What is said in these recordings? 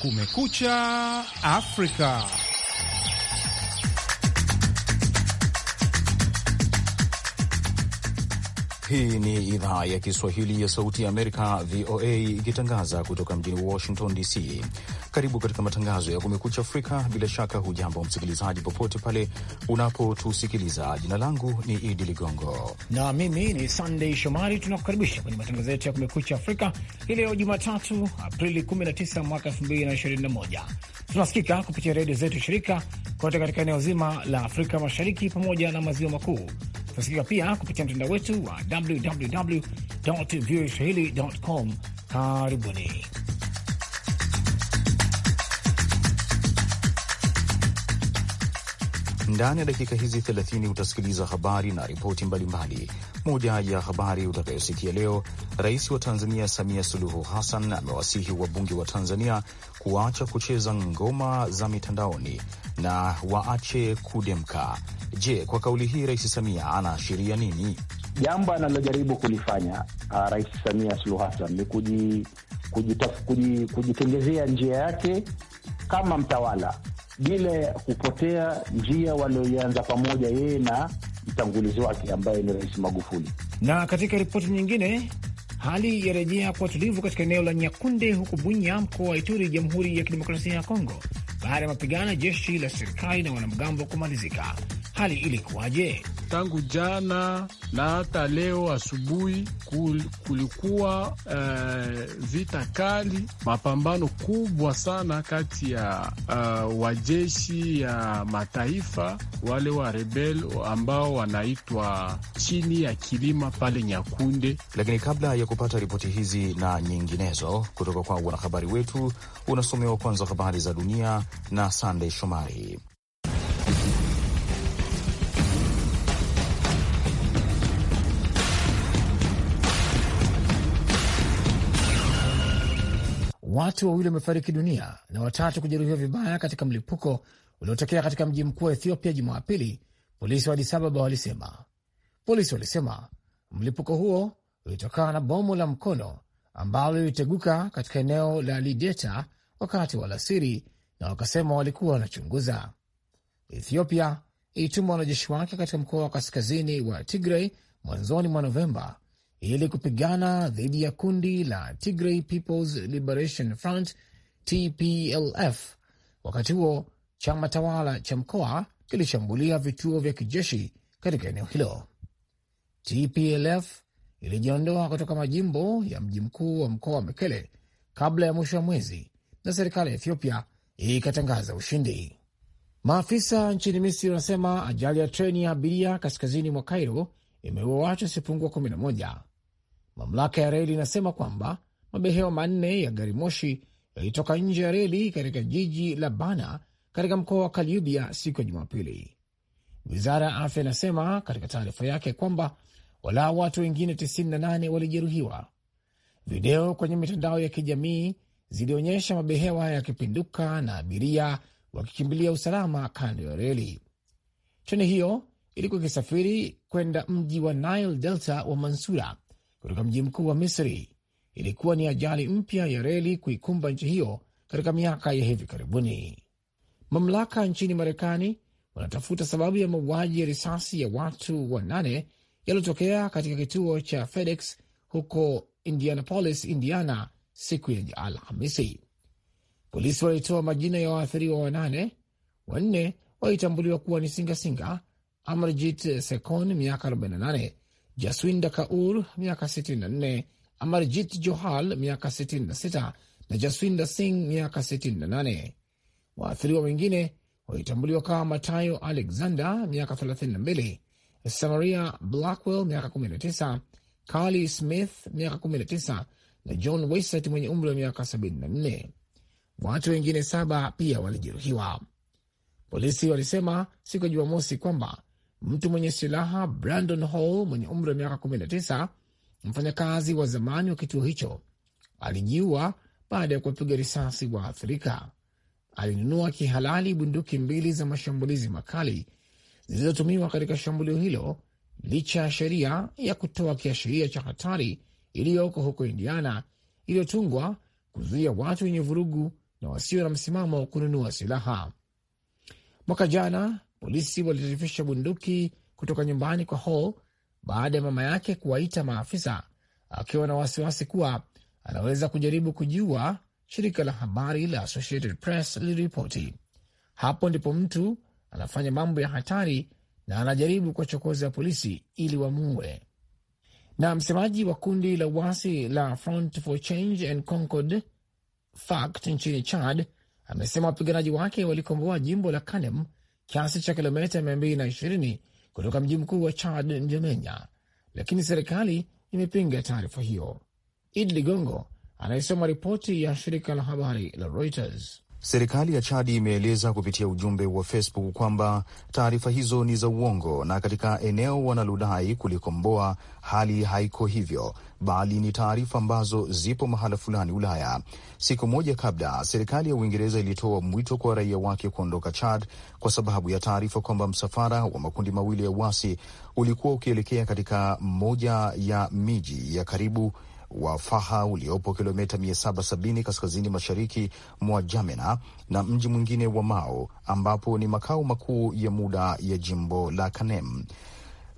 Kumekucha Afrika. Hii ni idhaa ya Kiswahili ya Sauti ya Amerika, VOA, ikitangaza kutoka mjini Washington DC. Karibu katika matangazo ya Kumekucha Afrika. Bila shaka, hujambo msikilizaji, popote pale unapotusikiliza. Jina langu ni Idi Ligongo na mimi ni sandey Shomari. Tunakukaribisha kwenye matangazo yetu ya Kumekucha Afrika hii leo Jumatatu, Aprili 19 mwaka 2021. Tunasikika kupitia redio zetu shirika kote katika eneo zima la Afrika Mashariki pamoja na Maziwa Makuu. Tunasikika pia kupitia mtandao wetu wa www voa swahili com. Karibuni. Ndani ya dakika hizi 30 utasikiliza habari na ripoti mbalimbali. Moja ya habari utakayosikia leo, rais wa Tanzania Samia Suluhu Hassan amewasihi wabunge wa Tanzania kuacha kucheza ngoma za mitandaoni na waache kudemka. Je, kwa kauli hii Rais Samia anaashiria nini? Jambo analojaribu kulifanya uh, Rais Samia Suluhu Hassan ni kujitengezea njia yake kama mtawala bila kupotea njia walioianza pamoja yeye na mtangulizi wake ambaye ni Rais Magufuli. Na katika ripoti nyingine, hali yarejea kuwa tulivu katika eneo la Nyakunde huko Bunya, mkoa wa Ituri, Jamhuri ya Kidemokrasia ya Kongo baada ya mapigano ya jeshi la serikali na wanamgambo kumalizika hali ilikuwaje? Tangu jana na hata leo asubuhi kulikuwa uh, vita kali, mapambano kubwa sana kati ya uh, wajeshi ya mataifa wale wa rebel ambao wanaitwa chini ya kilima pale Nyakunde. Lakini kabla ya kupata ripoti hizi na nyinginezo kutoka kwa wanahabari wetu, unasomewa kwanza habari za dunia na Sandey Shomari. watu wawili wamefariki dunia na watatu kujeruhiwa vibaya katika mlipuko uliotokea katika mji mkuu wa Ethiopia Jumapili, polisi wa Addis Ababa walisema. Polisi walisema mlipuko huo ulitokana na bomu la mkono ambalo liliteguka katika eneo la Lideta wakati wa alasiri, na wakasema walikuwa wanachunguza. Ethiopia ilituma wanajeshi wake katika mkoa wa kaskazini wa Tigray mwanzoni mwa Novemba ili kupigana dhidi ya kundi la Tigray People's Liberation Front TPLF. Wakati huo chama tawala cha mkoa kilishambulia vituo vya kijeshi katika eneo hilo. TPLF ilijiondoa kutoka majimbo ya mji mkuu wa mkoa wa Mekele kabla ya mwisho wa mwezi na serikali ya Ethiopia ikatangaza ushindi. Maafisa nchini Misri wanasema ajali ya treni ya abiria kaskazini mwa Cairo imeua watu wasiopungua 11 Mamlaka ya reli inasema kwamba mabehewa manne ya gari moshi yalitoka nje ya reli katika jiji la Bana katika mkoa wa kalubia siku ya Jumapili. Wizara ya afya inasema katika taarifa yake kwamba walau watu wengine 98 walijeruhiwa. Video kwenye mitandao ya kijamii zilionyesha mabehewa yakipinduka na abiria wakikimbilia usalama kando ya reli. Treni hiyo ilikuwa ikisafiri kwenda mji wa Nile Delta wa Mansura kutoka mji mkuu wa Misri. Ilikuwa ni ajali mpya ya reli kuikumba nchi hiyo katika miaka ya hivi karibuni. Mamlaka nchini Marekani wanatafuta sababu ya mauaji ya risasi ya watu wanane yaliyotokea katika kituo cha FedEx huko Indianapolis, Indiana siku ya Alhamisi. Polisi walitoa majina ya waathiriwa wanane. Wanne walitambuliwa kuwa ni Singasinga Amarjit Sekon, miaka 48 Jaswinda Kaur miaka 64, Amarjit Johal miaka 66 na Jaswinda Singh miaka 68. Waathiriwa wengine walitambuliwa kama Matayo Alexander miaka 32, Samaria Blackwell miaka 19, Carly Smith miaka 19 na John Waisett mwenye umri wa miaka 74. Watu wengine saba pia walijeruhiwa. Polisi walisema siku ya Jumamosi kwamba mtu mwenye silaha Brandon Hall mwenye umri wa miaka 19, mfanyakazi wa zamani wa kituo hicho, alijiua baada ya kuwapiga risasi waathirika. Alinunua kihalali bunduki mbili za mashambulizi makali zilizotumiwa katika shambulio hilo, licha ya sheria ya kutoa kiashiria cha hatari iliyoko huko Indiana iliyotungwa kuzuia watu wenye vurugu na wasio na msimamo kununua silaha. Mwaka jana Polisi walitirifisha bunduki kutoka nyumbani kwa Hall baada ya mama yake kuwaita maafisa akiwa na wasiwasi kuwa anaweza kujaribu kujiua, shirika la habari la Associated Press liliripoti. Hapo ndipo mtu anafanya mambo ya hatari na anajaribu kuwachokoza polisi ili wamuue. Na msemaji wa kundi la uasi la Front for Change and Concord FACT nchini Chad amesema wapiganaji wake walikomboa jimbo la Kanem kiasi cha kilomita 220 kutoka mji mkuu wa Chad, Njamena, lakini serikali imepinga taarifa hiyo. Idi Ligongo anayesoma ripoti ya shirika la habari la Reuters. Serikali ya Chadi imeeleza kupitia ujumbe wa Facebook kwamba taarifa hizo ni za uongo, na katika eneo wanalodai kulikomboa hali haiko hivyo, bali ni taarifa ambazo zipo mahala fulani Ulaya. Siku moja kabla, serikali ya Uingereza ilitoa mwito kwa raia wake kuondoka Chad kwa sababu ya taarifa kwamba msafara wa makundi mawili ya uasi ulikuwa ukielekea katika moja ya miji ya karibu wa Faha uliopo kilomita 770 kaskazini mashariki mwa Jamena na mji mwingine wa Mao ambapo ni makao makuu ya muda ya jimbo la Kanem.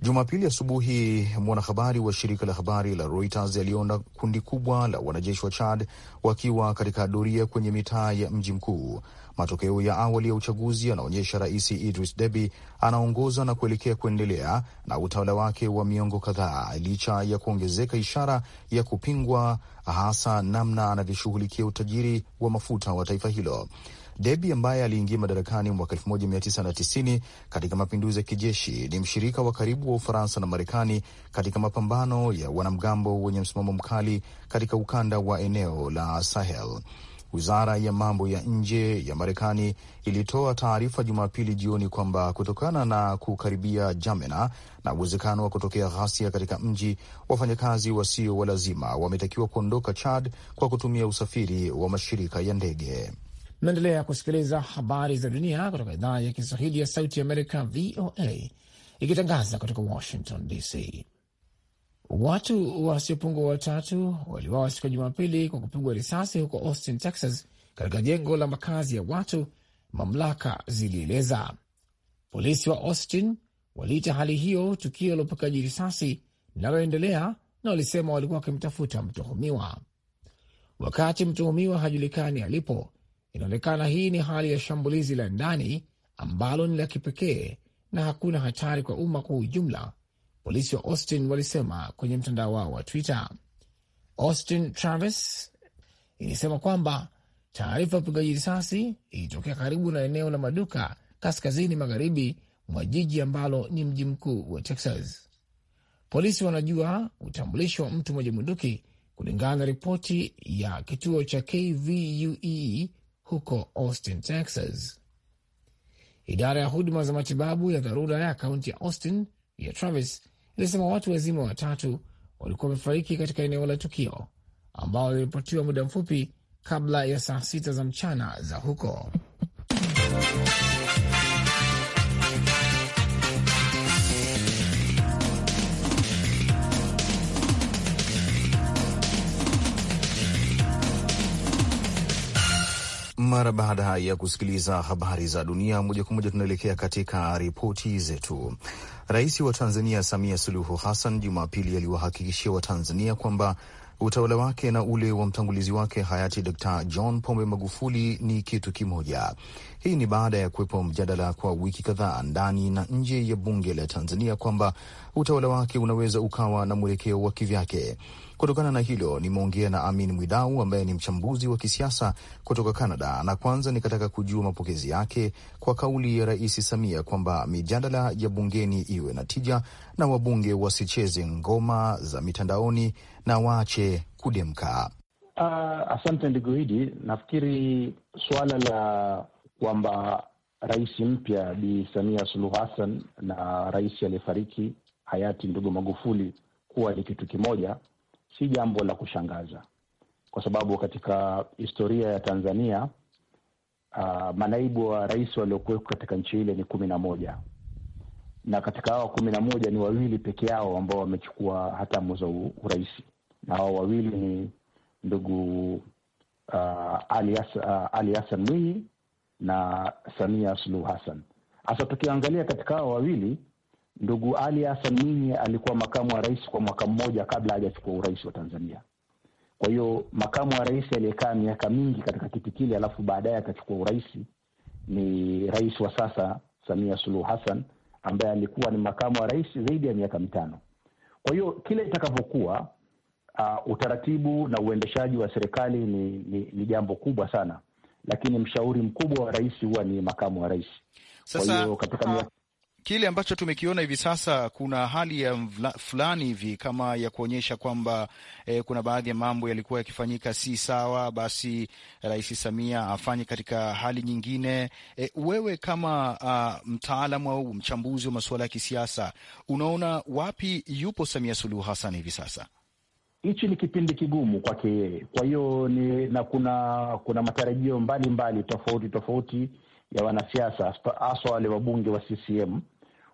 Jumapili asubuhi mwanahabari wa shirika la habari la Reuters aliona kundi kubwa la wanajeshi wa Chad wakiwa katika doria kwenye mitaa ya mji mkuu. Matokeo ya awali ya uchaguzi yanaonyesha Rais Idris Deby anaongoza na kuelekea kuendelea na utawala wake wa miongo kadhaa, licha ya kuongezeka ishara ya kupingwa, hasa namna anavyoshughulikia utajiri wa mafuta wa taifa hilo debi ambaye aliingia madarakani mwaka 1990 katika mapinduzi ya kijeshi ni mshirika wa karibu wa Ufaransa na Marekani katika mapambano ya wanamgambo wenye msimamo mkali katika ukanda wa eneo la Sahel. Wizara ya mambo ya nje ya Marekani ilitoa taarifa Jumapili jioni kwamba kutokana na kukaribia Jamena na uwezekano wa kutokea ghasia katika mji, wafanyakazi wasio wa lazima wametakiwa kuondoka Chad kwa kutumia usafiri wa mashirika ya ndege naendelea kusikiliza habari za dunia kutoka idhaa ya Kiswahili ya sauti Amerika, VOA, ikitangaza kutoka Washington DC. Watu wasiopungua watatu waliwawa siku ya Jumapili kwa kupigwa risasi huko Austin, Texas, katika jengo la makazi ya watu, mamlaka zilieleza. Polisi wa Austin waliita hali hiyo tukio la upigaji risasi linaloendelea, na walisema walikuwa wakimtafuta mtuhumiwa. Wakati mtuhumiwa hajulikani alipo, Inaonekana hii ni hali ya shambulizi la ndani ambalo ni la kipekee na hakuna hatari kwa umma kwa ujumla, polisi wa Austin walisema kwenye mtandao wao wa Twitter. Austin Travis ilisema kwamba taarifa ya upigaji risasi ilitokea karibu na eneo la maduka kaskazini magharibi mwa jiji ambalo ni mji mkuu wa Texas. Polisi wanajua utambulisho wa mtu mwenye bunduki kulingana na ripoti ya kituo cha KVUE huko Austin, Texas. Idara ya huduma za matibabu ya dharura ya kaunti ya Austin ya Travis ilisema watu wazima watatu walikuwa wamefariki katika eneo la tukio ambao waliripotiwa muda mfupi kabla ya saa sita za mchana za huko Mara baada ya kusikiliza habari za dunia moja kwa moja, tunaelekea katika ripoti zetu. Rais wa Tanzania Samia Suluhu Hassan Jumapili aliwahakikishia Watanzania kwamba utawala wake na ule wa mtangulizi wake hayati d John Pombe Magufuli ni kitu kimoja. Hii ni baada ya kuwepo mjadala kwa wiki kadhaa ndani na nje ya bunge la Tanzania kwamba utawala wake unaweza ukawa na mwelekeo wa kivyake. Kutokana na hilo nimeongea na Amin Mwidau ambaye ni mchambuzi wa kisiasa kutoka Canada, na kwanza nikataka kujua mapokezi yake kwa kauli ya Rais Samia kwamba mijadala ya bungeni iwe na tija na wabunge wasicheze ngoma za mitandaoni na waache kudemka. Uh, asante ndugu Hidi, nafikiri suala la kwamba rais mpya Bi Samia Suluhu Hassan na rais aliyefariki hayati ndugu Magufuli kuwa ni kitu kimoja, si jambo la kushangaza, kwa sababu katika historia ya Tanzania uh, manaibu wa rais waliokuweko katika nchi ile ni kumi na moja na katika hawa kumi na moja ni wawili peke yao ambao wamechukua hatamu za urais, na hao wawili ni ndugu uh, Ali Hassan uh, Mwinyi na Samia Suluhu Hassan. Hasa tukiangalia katika hao wawili, ndugu Ali Hassan Mwinyi alikuwa makamu wa rais kwa mwaka mmoja kabla hajachukua urais wa Tanzania. Kwa hiyo makamu wa rais aliyekaa miaka mingi katika kiti kile, alafu baadaye akachukua urais ni rais wa sasa Samia Suluhu Hassan ambaye alikuwa ni makamu wa rais zaidi ya miaka mitano. Kwa hiyo kile itakavyokuwa, uh, utaratibu na uendeshaji wa serikali ni, ni, ni jambo kubwa sana lakini mshauri mkubwa wa rais huwa ni makamu wa rais. Sasa, kwa hiyo katika ah, mia... kile ambacho tumekiona hivi sasa kuna hali ya fulani hivi kama ya kuonyesha kwamba eh, kuna baadhi ya mambo yalikuwa yakifanyika si sawa, basi Rais Samia afanye katika hali nyingine. Eh, wewe kama uh, mtaalamu au mchambuzi wa masuala ya kisiasa unaona wapi yupo Samia Suluhu Hassan hivi sasa? hichi ni kipindi kigumu kwake yeye. Kwa hiyo ni na kuna kuna matarajio mbalimbali mbali, tofauti tofauti ya wanasiasa haswa wale wabunge wa CCM.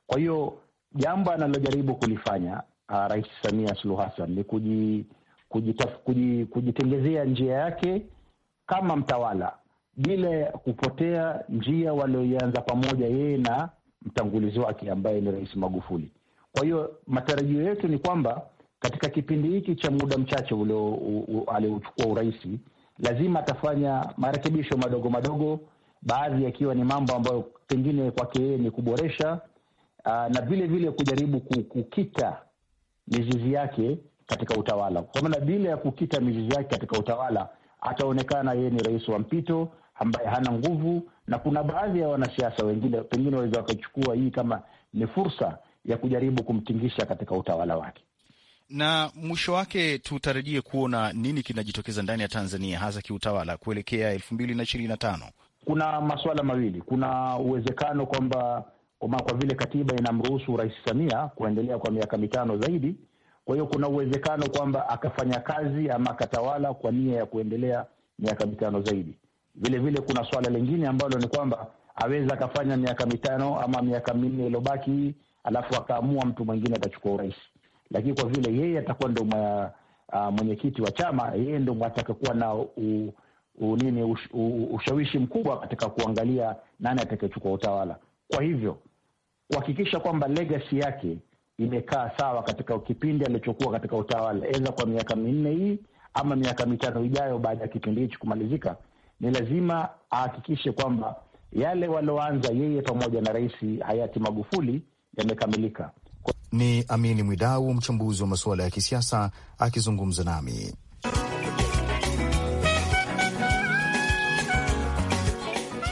Kwa hiyo jambo analojaribu kulifanya uh, Rais Samia Suluhu Hassan ni kuji, kujitaf, kuji, kujitengezea njia yake kama mtawala bila kupotea njia walioianza pamoja yeye na mtangulizi wake ambaye ni Rais Magufuli. Kwa hiyo matarajio yetu ni kwamba katika kipindi hiki cha muda mchache ule aliochukua urais, lazima atafanya marekebisho madogo madogo, baadhi yakiwa ni mambo ambayo pengine kwake yeye ni kuboresha aa, na vile vile kujaribu kukita mizizi yake katika utawala, kwa maana bila ya kukita mizizi yake katika utawala ataonekana yeye ni rais wa mpito ambaye hana nguvu, na kuna baadhi ya wanasiasa wengine pengine waweza wakachukua hii kama ni fursa ya kujaribu kumtingisha katika utawala wake na mwisho wake tutarajie kuona nini kinajitokeza ndani ya Tanzania hasa kiutawala kuelekea elfu mbili na ishirini na tano. Kuna masuala mawili. Kuna uwezekano kwamba kwa vile katiba inamruhusu Rais Samia kuendelea kwa miaka mitano zaidi, kwa hiyo kuna uwezekano kwamba akafanya kazi ama akatawala kwa nia ya kuendelea miaka mitano zaidi. Vile vile kuna swala lingine ambalo ni kwamba aweza akafanya miaka mitano ama miaka minne iliyobaki, alafu akaamua mtu mwingine atachukua urais lakini kwa vile yeye atakuwa ndo uh, ah, mwenyekiti wa chama, yeye ndo atakakuwa na u, u, nini u, u, ushawishi mkubwa katika kuangalia nani atakayechukua utawala. Kwa hivyo kuhakikisha kwamba legacy yake imekaa sawa katika kipindi alichokuwa katika utawala, eza kwa miaka minne hii ama miaka mitano ijayo, baada ya kipindi hichi kumalizika, ni lazima ahakikishe kwamba yale walioanza yeye pamoja na Rais hayati Magufuli yamekamilika. Ni Amini Mwidau, mchambuzi wa masuala ya kisiasa, akizungumza nami.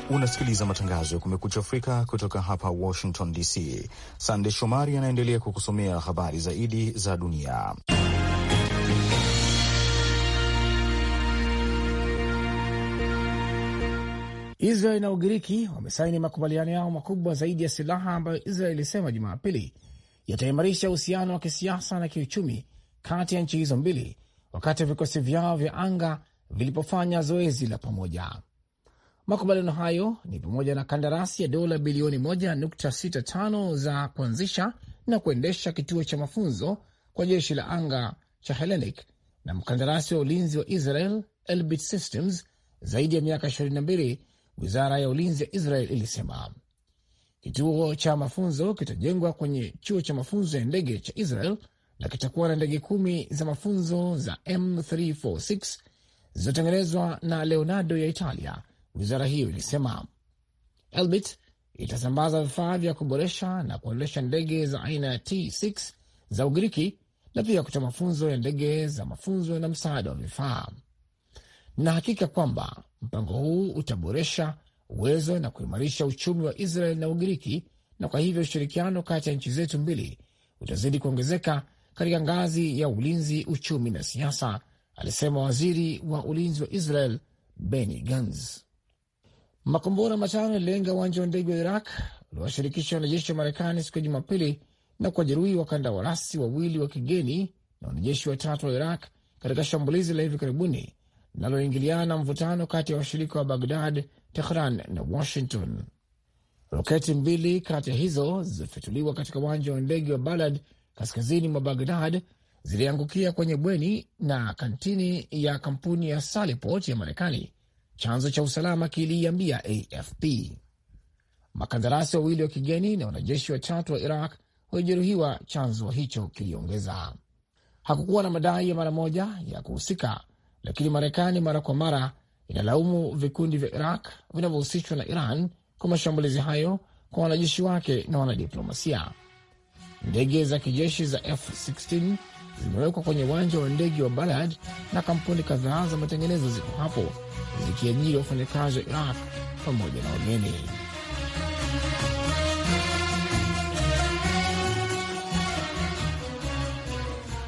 Unasikiliza matangazo ya Kumekucha Afrika kutoka hapa Washington DC. Sande Shomari anaendelea kukusomea habari zaidi za dunia. Israel na Ugiriki wamesaini makubaliano yao makubwa zaidi ya silaha ambayo Israel ilisema Jumapili yataimarisha uhusiano wa kisiasa na kiuchumi kati ya nchi hizo mbili, wakati vikosi vyao vya anga vilipofanya zoezi la pamoja. Makubaliano hayo ni pamoja na kandarasi ya dola bilioni 1.65 za kuanzisha na kuendesha kituo cha mafunzo kwa jeshi la anga cha Hellenic na mkandarasi wa ulinzi wa Israel Elbit Systems zaidi ya miaka 22, wizara ya ulinzi ya Israel ilisema. Kituo cha mafunzo kitajengwa kwenye chuo cha mafunzo ya ndege cha Israel na kitakuwa na ndege kumi za mafunzo za M346 zilizotengenezwa na Leonardo ya Italia, wizara hiyo ilisema. Elbit itasambaza vifaa vya kuboresha na kuendesha ndege za aina ya T6 za Ugiriki na pia kutoa mafunzo ya ndege za mafunzo na msaada wa vifaa. Na hakika kwamba mpango huu utaboresha uwezo na kuimarisha uchumi wa Israel na Ugiriki, na kwa hivyo ushirikiano kati ya nchi zetu mbili utazidi kuongezeka katika ngazi ya ulinzi, uchumi na siasa, alisema waziri wa ulinzi wa Israel Benny Gantz. Makombora matano yalilenga uwanja wa ndege wa Iraq uliowashirikisha wanajeshi wa Marekani siku ya Jumapili na kuwajeruhi wakanda warasi wawili wa kigeni na wanajeshi watatu wa Iraq katika shambulizi la hivi karibuni linaloingiliana na mvutano kati ya washirika wa Bagdad Tehran na Washington. Roketi mbili kati ya hizo zilizofyatuliwa katika uwanja wa ndege wa Balad kaskazini mwa Bagdad ziliangukia kwenye bweni na kantini ya kampuni ya Saleport ya Marekani, chanzo cha usalama kiliiambia AFP. Makandarasi wawili wa kigeni na wanajeshi watatu wa Iraq walijeruhiwa, chanzo hicho kiliongeza. Hakukuwa na madai ya mara moja ya kuhusika, lakini Marekani mara kwa mara inalaumu vikundi vya Iraq vinavyohusishwa na Iran kwa mashambulizi hayo kwa wanajeshi wake na wanadiplomasia. Ndege za kijeshi za F16 zimewekwa kwenye uwanja wa ndege wa Balad na kampuni kadhaa za matengenezo ziko hapo zikiajiri wafanyakazi wa Iraq pamoja na wageni.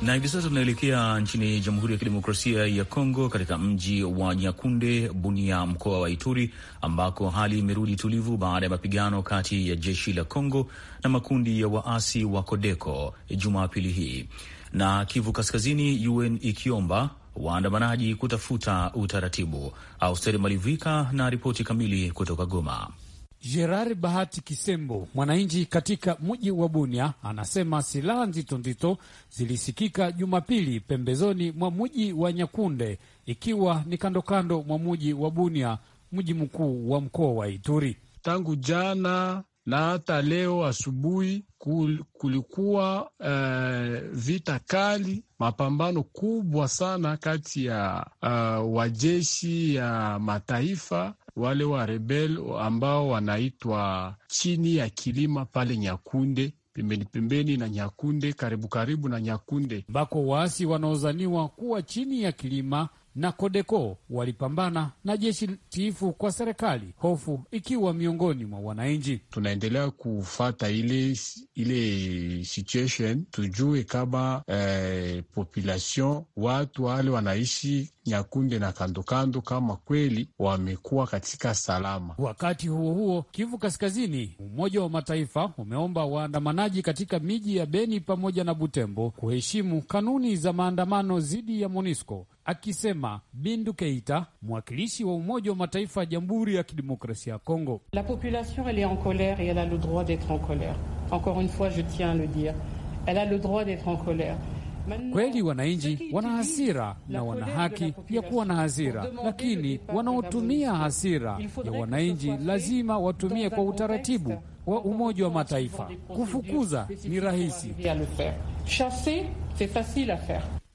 na hivi sasa tunaelekea nchini Jamhuri ya Kidemokrasia ya Kongo, katika mji wa Nyakunde, Bunia, mkoa wa Ituri, ambako hali imerudi tulivu baada ya mapigano kati ya jeshi la Kongo na makundi ya waasi wa Kodeko Jumapili hii, na Kivu Kaskazini, UN ikiomba waandamanaji kutafuta utaratibu. Austeri Malivika na ripoti kamili kutoka Goma. Gerard Bahati Kisembo, mwananchi katika mji wa Bunia, anasema silaha nzito nzito zilisikika Jumapili pembezoni mwa mji wa Nyakunde, ikiwa ni kandokando mwa mji wa Bunia, mji mkuu wa mkoa wa Ituri. Tangu jana na hata leo asubuhi kulikuwa uh, vita kali, mapambano kubwa sana kati ya uh, eh, wajeshi ya mataifa wale wa rebel ambao wanaitwa chini ya kilima pale Nyakunde pembeni pembeni na Nyakunde, karibu karibu na Nyakunde, ambako waasi wanaozaniwa kuwa chini ya kilima na Kodeko walipambana na jeshi tiifu kwa serikali, hofu ikiwa miongoni mwa wananchi. Tunaendelea kufata ile ile situation tujue kama eh, population watu wale wanaishi Nyakunde na kandokando kama kweli wamekuwa katika salama. Wakati huo huo, Kivu Kaskazini, Umoja wa Mataifa umeomba waandamanaji katika miji ya Beni pamoja na Butembo kuheshimu kanuni za maandamano dhidi ya MONUSCO akisema Bindu Keita, mwakilishi wa Umoja wa Mataifa ya Jamhuri ya Kidemokrasia ya Kongo. La population elle est en colère et elle a le droit d'être en colère. Encore une fois je tiens à le dire. Elle a le droit d'être en colère. Kweli wananchi wana hasira na wana haki ya kuwa na hasira, lakini wanaotumia hasira ya wananchi lazima watumie kwa utaratibu wa Umoja wa Mataifa. Kufukuza ni rahisi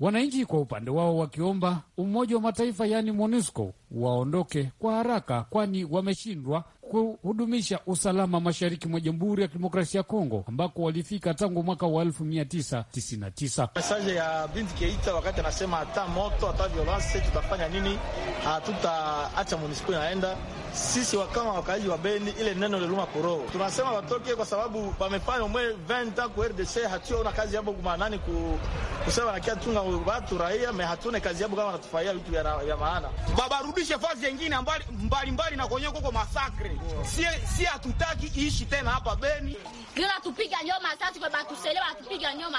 wananchi kwa upande wao wakiomba Umoja wa Mataifa yaani MONUSCO waondoke kwa haraka, kwani wameshindwa kuhudumisha usalama mashariki mwa Jamhuri ya Kidemokrasia ya Kongo ambako walifika tangu mwaka wa 1999. Mesaje ya Binti Keita wakati anasema hata moto hata violansi tutafanya nini, hatutaacha MONUSCO inaenda sisi wakawa wakaaji wa Beni, ile neno liluma kuroho tunasema watoke, kwa sababu wamefanya mwe 20 ku RDC, hatuona kazi yabo kumanani ku kusema na kia tunga watu raia me, hatune kazi yabo kama natufaia vitu vya maana. Babarudishe fazi nyingine mbali mbali, mbali na kwenye koko masakre Si si hatutaki iishi tena hapa Beni, bila tupiga nyoma sasa, kwa tupiga nyoma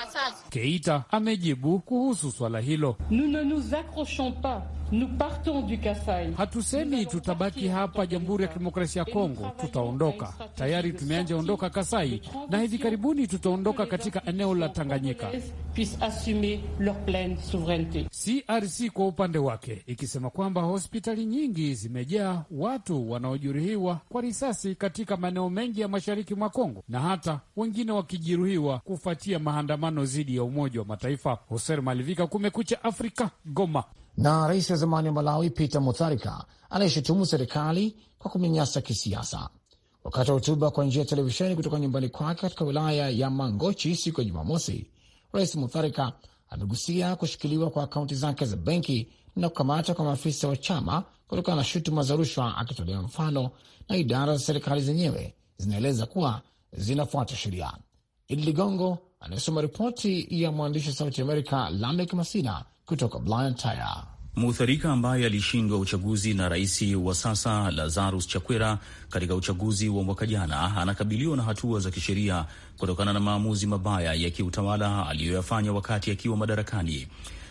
Keita amejibu kuhusu swala hilo. Nous ne nous accrochons pas Hatusemi tutabaki hapa Jamhuri ya Kidemokrasia ya Kongo, tutaondoka. Tayari tumeanja ondoka Kasai na hivi karibuni tutaondoka katika eneo la Tanganyika. CRC kwa upande wake ikisema kwamba hospitali nyingi zimejaa watu wanaojeruhiwa kwa risasi katika maeneo mengi ya mashariki mwa Kongo na hata wengine wakijeruhiwa kufuatia maandamano dhidi ya Umoja wa Mataifa. Hoser Malivika, Kumekucha Afrika, Goma na rais wa zamani wa Malawi Peter Mutharika anayeshutumu serikali kwa kumnyanyasa kisiasa. Wakati wa hotuba kwa njia ya televisheni kutoka nyumbani kwake katika wilaya ya Mangochi siku ya Jumamosi, rais Mutharika amegusia kushikiliwa kwa akaunti zake za benki na kukamatwa kwa maafisa wa chama kutokana na shutuma za rushwa, akitolea mfano na idara za serikali zenyewe zinaeleza kuwa zinafuata sheria. Idi Ligongo anayesoma ripoti ya mwandishi wa Sauti Amerika Lamek Masina kutoka Blantyre. Mutharika ambaye alishindwa uchaguzi na rais wa sasa Lazarus Chakwera katika uchaguzi wa mwaka jana anakabiliwa na hatua za kisheria kutokana na maamuzi mabaya ya kiutawala aliyoyafanya wakati akiwa madarakani.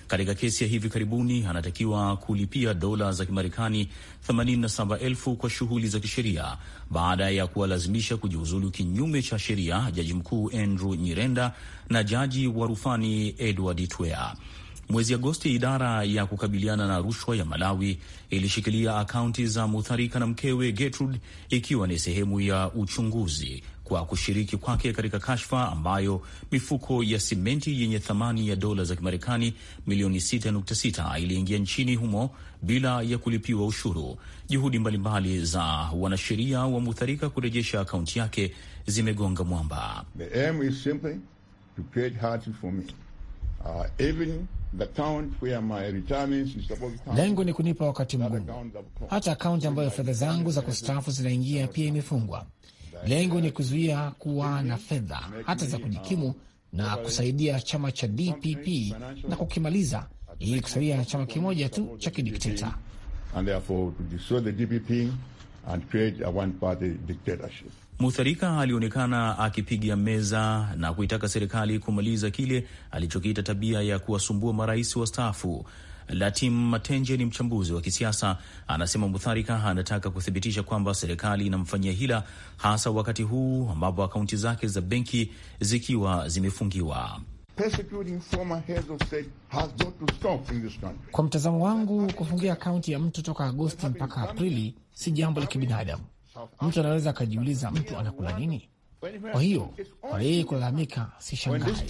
Katika kesi ya hivi karibuni anatakiwa kulipia dola za Kimarekani 87,000 kwa shughuli za kisheria baada ya kuwalazimisha kujiuzulu kinyume cha sheria jaji mkuu Andrew Nyirenda na jaji wa rufani Edward Twea. Mwezi Agosti, idara ya kukabiliana na rushwa ya Malawi ilishikilia akaunti za Mutharika na mkewe Gertrude ikiwa ni sehemu ya uchunguzi kwa kushiriki kwake katika kashfa ambayo mifuko ya simenti yenye thamani ya dola za Kimarekani milioni 6.6 iliingia nchini humo bila ya kulipiwa ushuru. Juhudi mbalimbali za wanasheria wa Mutharika kurejesha akaunti yake zimegonga mwamba. The aim is Uh, Lengo ni kunipa wakati mgumu. Hata akaunti ambayo fedha zangu za kustaafu zinaingia pia imefungwa. Lengo ni kuzuia kuwa na fedha hata za kujikimu na kusaidia chama cha DPP na kukimaliza, ili kusaidia na chama kimoja tu cha kidikteta. Mutharika alionekana akipiga meza na kuitaka serikali kumaliza kile alichokiita tabia ya kuwasumbua marais wastaafu. Latim Matenje ni mchambuzi wa kisiasa, anasema Mutharika anataka kuthibitisha kwamba serikali inamfanyia hila, hasa wakati huu ambapo akaunti zake za benki zikiwa zimefungiwa. Kwa mtazamo wangu, kufungia akaunti ya mtu toka Agosti mpaka Aprili si jambo la kibinadamu. Mtu anaweza akajiuliza, mtu anakula nini? Kwa hiyo kwa yeye kulalamika si shangazi.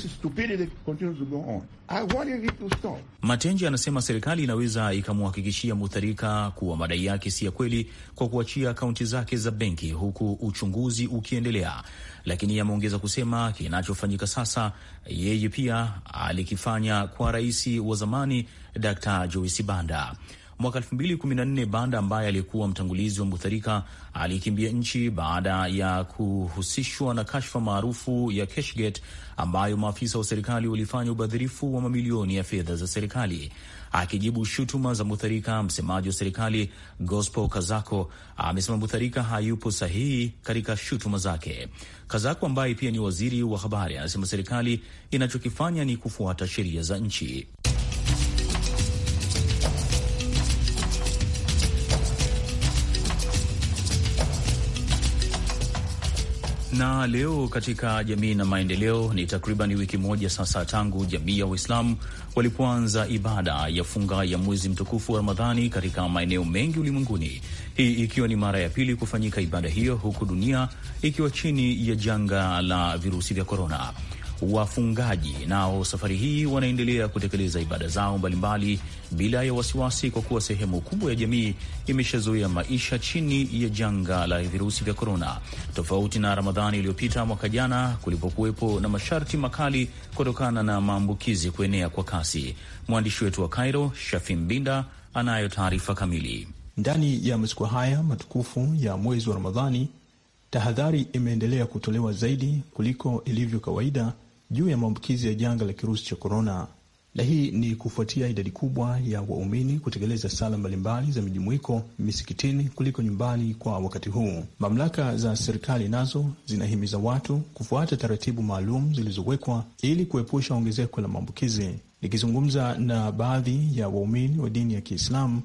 Matenji anasema serikali inaweza ikamuhakikishia mutharika kuwa madai yake si ya kweli kwa kuachia akaunti zake za benki huku uchunguzi ukiendelea, lakini ameongeza kusema kinachofanyika sasa yeye pia alikifanya kwa rais wa zamani d Joyce Banda. Mwaka 2014 Banda ambaye aliyekuwa mtangulizi wa Mutharika alikimbia nchi baada ya kuhusishwa na kashfa maarufu ya Cashgate ambayo maafisa wa serikali walifanya ubadhirifu wa mamilioni ya fedha za serikali. Akijibu shutuma za Mutharika, msemaji wa serikali Gospel Kazako amesema Mutharika hayupo sahihi katika shutuma zake. Kazako ambaye pia ni waziri wa habari anasema serikali inachokifanya ni kufuata sheria za nchi. na leo katika jamii na maendeleo, ni takriban wiki moja sasa tangu jamii ya Waislamu walipoanza ibada ya funga ya mwezi mtukufu wa Ramadhani katika maeneo mengi ulimwenguni, hii ikiwa ni mara ya pili kufanyika ibada hiyo, huku dunia ikiwa chini ya janga la virusi vya korona. Wafungaji nao safari hii wanaendelea kutekeleza ibada zao mbalimbali bila ya wasiwasi, kwa kuwa sehemu kubwa ya jamii imeshazoea maisha chini ya janga la virusi vya korona, tofauti na Ramadhani iliyopita mwaka jana kulipokuwepo na masharti makali kutokana na maambukizi kuenea kwa kasi. Mwandishi wetu wa cairo Shafi Mbinda, anayo taarifa kamili. Ndani ya masiku haya matukufu ya mwezi wa Ramadhani, tahadhari imeendelea kutolewa zaidi kuliko ilivyo kawaida juu ya maambukizi ya janga la kirusi cha korona, na hii ni kufuatia idadi kubwa ya waumini kutekeleza sala mbalimbali za mijumuiko misikitini kuliko nyumbani kwa wakati huu. Mamlaka za serikali nazo zinahimiza watu kufuata taratibu maalum zilizowekwa ili kuepusha ongezeko la maambukizi. Nikizungumza na baadhi ya waumini wa dini ya Kiislamu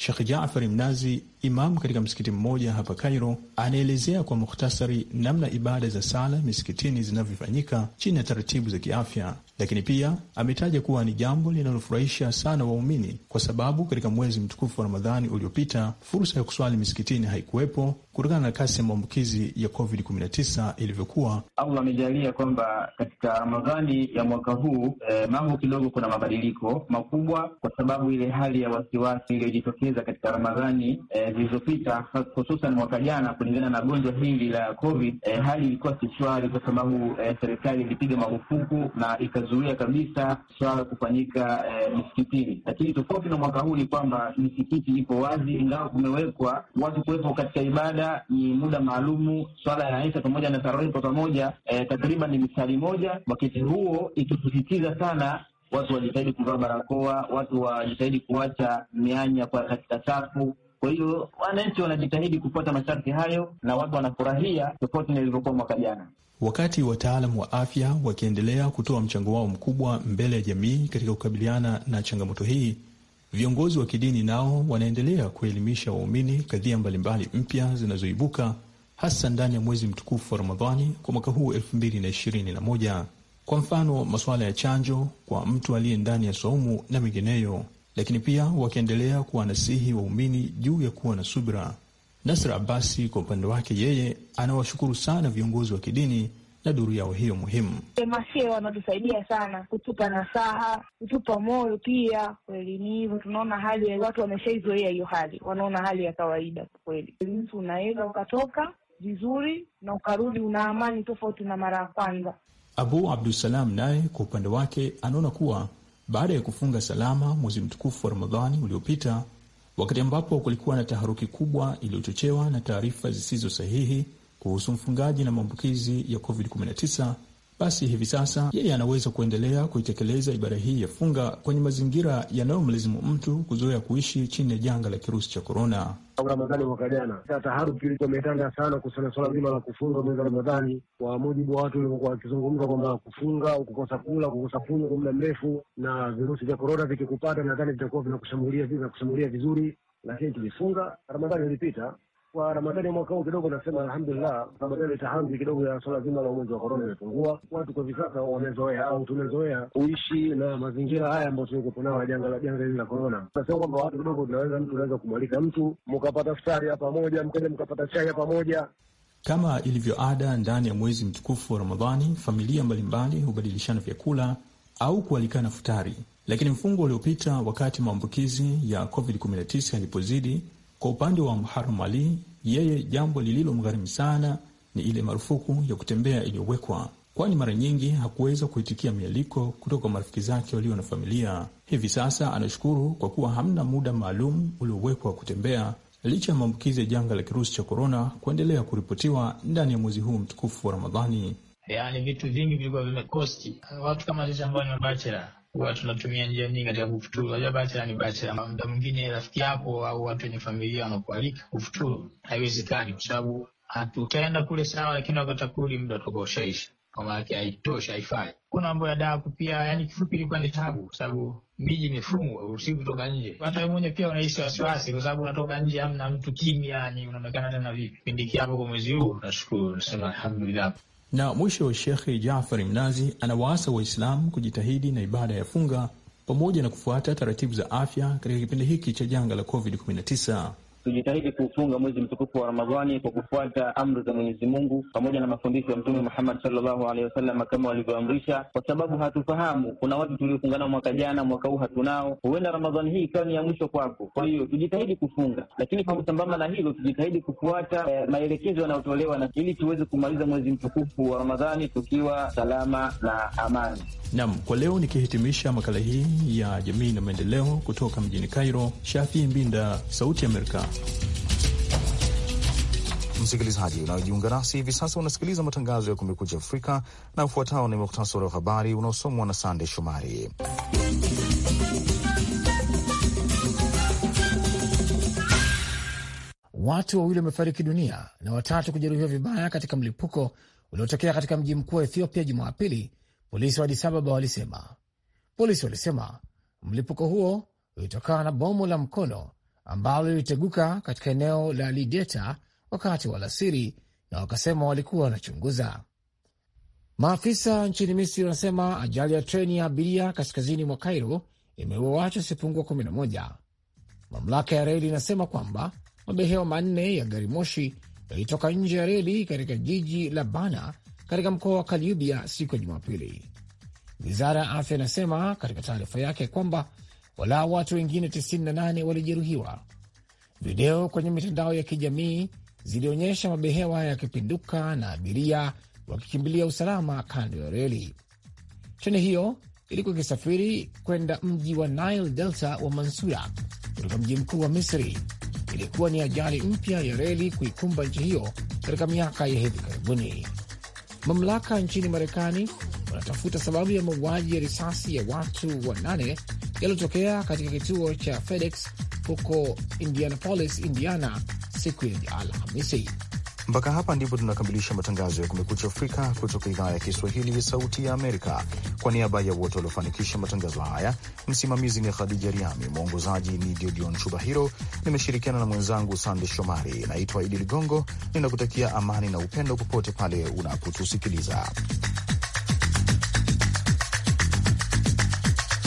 Shekh Jafari Mnazi, imamu katika msikiti mmoja hapa Kairo, anaelezea kwa mukhtasari namna ibada za sala misikitini zinavyofanyika chini ya taratibu za kiafya lakini pia ametaja kuwa ni jambo linalofurahisha sana waumini kwa sababu katika mwezi mtukufu wa Ramadhani uliopita fursa ya kuswali misikitini haikuwepo kutokana na kasi ya maambukizi ya COVID-19 ilivyokuwa. Allah amejalia kwamba katika Ramadhani ya mwaka huu e, mambo kidogo, kuna mabadiliko makubwa kwa sababu ile hali ya wasiwasi iliyojitokeza katika Ramadhani eh, zilizopita e, hususan mwaka jana kulingana na gonjwa hili la COVID e, hali ilikuwa si shwari kwa sababu e, serikali ilipiga marufuku na ika linazuia kabisa swala kufanyika eh, misikitini. Lakini tofauti na mwaka huu ni kwamba misikiti iko wazi, ingawa kumewekwa watu kuwepo katika ibada ni muda maalumu, swala ya Isha pamoja na tarawih kwa pamoja eh, takriban ni mistari moja, wakati huo ikisisitiza sana watu wajitahidi kuvaa barakoa, watu wajitahidi kuacha mianya kwa katika safu. Kwa hiyo wananchi wanajitahidi kufuata masharti hayo na watu wanafurahia, tofauti na ilivyokuwa mwaka jana wakati wataalam wa afya wakiendelea kutoa mchango wao mkubwa mbele ya jamii katika kukabiliana na changamoto hii, viongozi wa kidini nao wanaendelea kuelimisha waumini kadhia mbalimbali mpya zinazoibuka hasa ndani ya mwezi mtukufu wa Ramadhani kwa mwaka huu 2021 kwa mfano masuala ya chanjo kwa mtu aliye ndani ya saumu na mengineyo, lakini pia wakiendelea kuwanasihi waumini juu ya kuwa na subira Nasr Abbasi kwa upande wake, yeye anawashukuru sana viongozi wa kidini na duru yao hiyo muhimu. Masie wanatusaidia sana kutupa nasaha, kutupa moyo pia. Kweli ni hivyo, tunaona hali ya watu wameshaizoea hiyo hali, wanaona hali ya kawaida. Kweli mtu unaweza ukatoka vizuri na ukarudi una amani tofauti na mara ya kwanza. Abu Abdusalam naye kwa upande wake anaona kuwa baada ya kufunga salama mwezi mtukufu wa Ramadhani uliopita wakati ambapo kulikuwa na taharuki kubwa iliyochochewa na taarifa zisizo sahihi kuhusu mfungaji na maambukizi ya COVID-19 basi hivi sasa yeye anaweza kuendelea kuitekeleza ibara hii ya funga kwenye mazingira yanayomlazimu mtu kuzoea kuishi chini ya janga la kirusi cha korona. Ramadhani mwaka jana taharuki ilikuwa imetanda sana kuhusiana swala zima la kufunga mwezi wa Ramadhani, kwa mujibu wa watu waliokuwa wakizungumza kwamba kufunga, kukosa kula, kukosa kunywa kwa muda mrefu, na virusi vya korona vikikupata, nadhani vitakuwa vinakushambulia vinakushambulia vizuri, lakini tulifunga, Ramadhani ilipita kwa Ramadhani mwaka huu kidogo nasema alhamdulillah, Ramadhani tahambi kidogo ya swala zima la ugonjwa wa korona imepungua. Watu kwa hivi sasa wamezoea au tumezoea kuishi na mazingira haya ambayo tulikuwa nao janga la janga hili la korona. Nasema kwamba watu kidogo tunaweza, mtu unaweza kumwalika mtu mkapata futari ya pamoja, mkaja mkapata chai ya pamoja. Kama ilivyo ada, ndani ya mwezi mtukufu wa Ramadhani familia mbalimbali hubadilishana vyakula au kualikana futari, lakini mfungo uliopita, wakati maambukizi ya COVID-19 yalipozidi, kwa upande wa Muharam Ali yeye jambo lililomgharimu sana ni ile marufuku ya kutembea iliyowekwa, kwani mara nyingi hakuweza kuitikia mialiko kutoka kwa marafiki zake walio na familia. Hivi sasa anashukuru kwa kuwa hamna muda maalum uliowekwa kutembea, licha ya maambukizi ya janga la kirusi cha korona kuendelea kuripotiwa ndani ya mwezi huu mtukufu wa Ramadhani. Yaani vitu vingi vilikuwa vimekosti watu kama sisi ambao ni mabachela huwa tunatumia njia nyingi katika kufuturu. Unajua bachelor ni bachelor, muda mwingine rafiki yako au watu wenye familia wanakualika kufuturu, haiwezekani kwa sababu hatutaenda kule sawa, lakini wakatakuli muda utakuwa ushaisha kwa maana yake haitosha, haifai. Kuna mambo ya daku pia, yani kifupi ilikuwa ni tabu, kwa sababu miji imefungwa, usiku kutoka nje. Hata wewe mwenyewe pia unahisi wasiwasi, kwa sababu unatoka nje, hamna mtu, kimya, yani unaonekana tena vipi? Kipindi hapo kwa mwezi huu, nashukuru nasema alhamdulillah. Na mwisho, Shekhe Jafari Mnazi anawaasa Waislamu kujitahidi na ibada ya funga pamoja na kufuata taratibu za afya katika kipindi hiki cha janga la COVID-19 tujitahidi kuufunga mwezi mtukufu wa Ramadhani kwa kufuata amri za Mwenyezi Mungu pamoja na mafundisho ya Mtume Muhammad sallallahu alaihi wasallam kama walivyoamrisha, kwa sababu hatufahamu. Kuna watu tuliofungana mwaka jana, mwaka huu hatunao. Huenda Ramadhani hii ikawa ni ya mwisho kwako, kwa hiyo tujitahidi kufunga, lakini kwa sambamba na hilo tujitahidi kufuata eh, maelekezo yanayotolewa na ili tuweze kumaliza mwezi mtukufu wa Ramadhani tukiwa salama na amani. nam kwa leo nikihitimisha makala hii ya jamii na maendeleo kutoka mjini Cairo, Shafi Mbinda, Sauti ya Amerika. Msikilizaji unayojiunga nasi hivi sasa, unasikiliza matangazo ya Kumekucha Afrika na ufuatao ni muhtasari wa habari unaosomwa na Sande Shomari. Watu wawili wamefariki dunia na watatu kujeruhiwa vibaya katika mlipuko uliotokea katika mji mkuu wa Ethiopia Jumapili, polisi wa Addis Ababa walisema. Polisi walisema mlipuko huo ulitokana na bomu la mkono ambalo liliteguka katika eneo la Lideta wakati wa alasiri, na wakasema walikuwa wanachunguza. Maafisa nchini Misri wanasema ajali ya treni ya abiria kaskazini mwa Kairo imeua watu wasiopungua 11. Mamlaka ya reli inasema kwamba mabehewa manne ya gari moshi yalitoka nje ya reli katika jiji la Bana katika mkoa wa Kaliubia siku ya Jumapili. Wizara ya afya inasema katika taarifa yake kwamba wala watu wengine 98 walijeruhiwa. Video kwenye mitandao ya kijamii zilionyesha mabehewa yakipinduka na abiria wakikimbilia usalama kando ya reli. Treni hiyo ilikuwa ikisafiri kwenda mji wa Nile Delta wa Mansura kutoka mji mkuu wa Misri. Ilikuwa ni ajali mpya ya reli kuikumba nchi hiyo katika miaka ya hivi karibuni. Mamlaka nchini Marekani wanatafuta sababu ya mauaji ya risasi ya watu wanane yaliyotokea katika kituo cha FedEx huko Indianapolis, Indiana siku ya Alhamisi. Mpaka hapa ndipo tunakamilisha matangazo ya Kumekucha Afrika kutoka idhaa ya Kiswahili ya Sauti ya Amerika. Kwa niaba ya wote waliofanikisha matangazo haya, msimamizi ni Khadija Riami, mwongozaji ni Diodion Chubahiro. Nimeshirikiana na mwenzangu Sande Shomari. Naitwa Idi Ligongo, ninakutakia amani na upendo popote pale unapotusikiliza.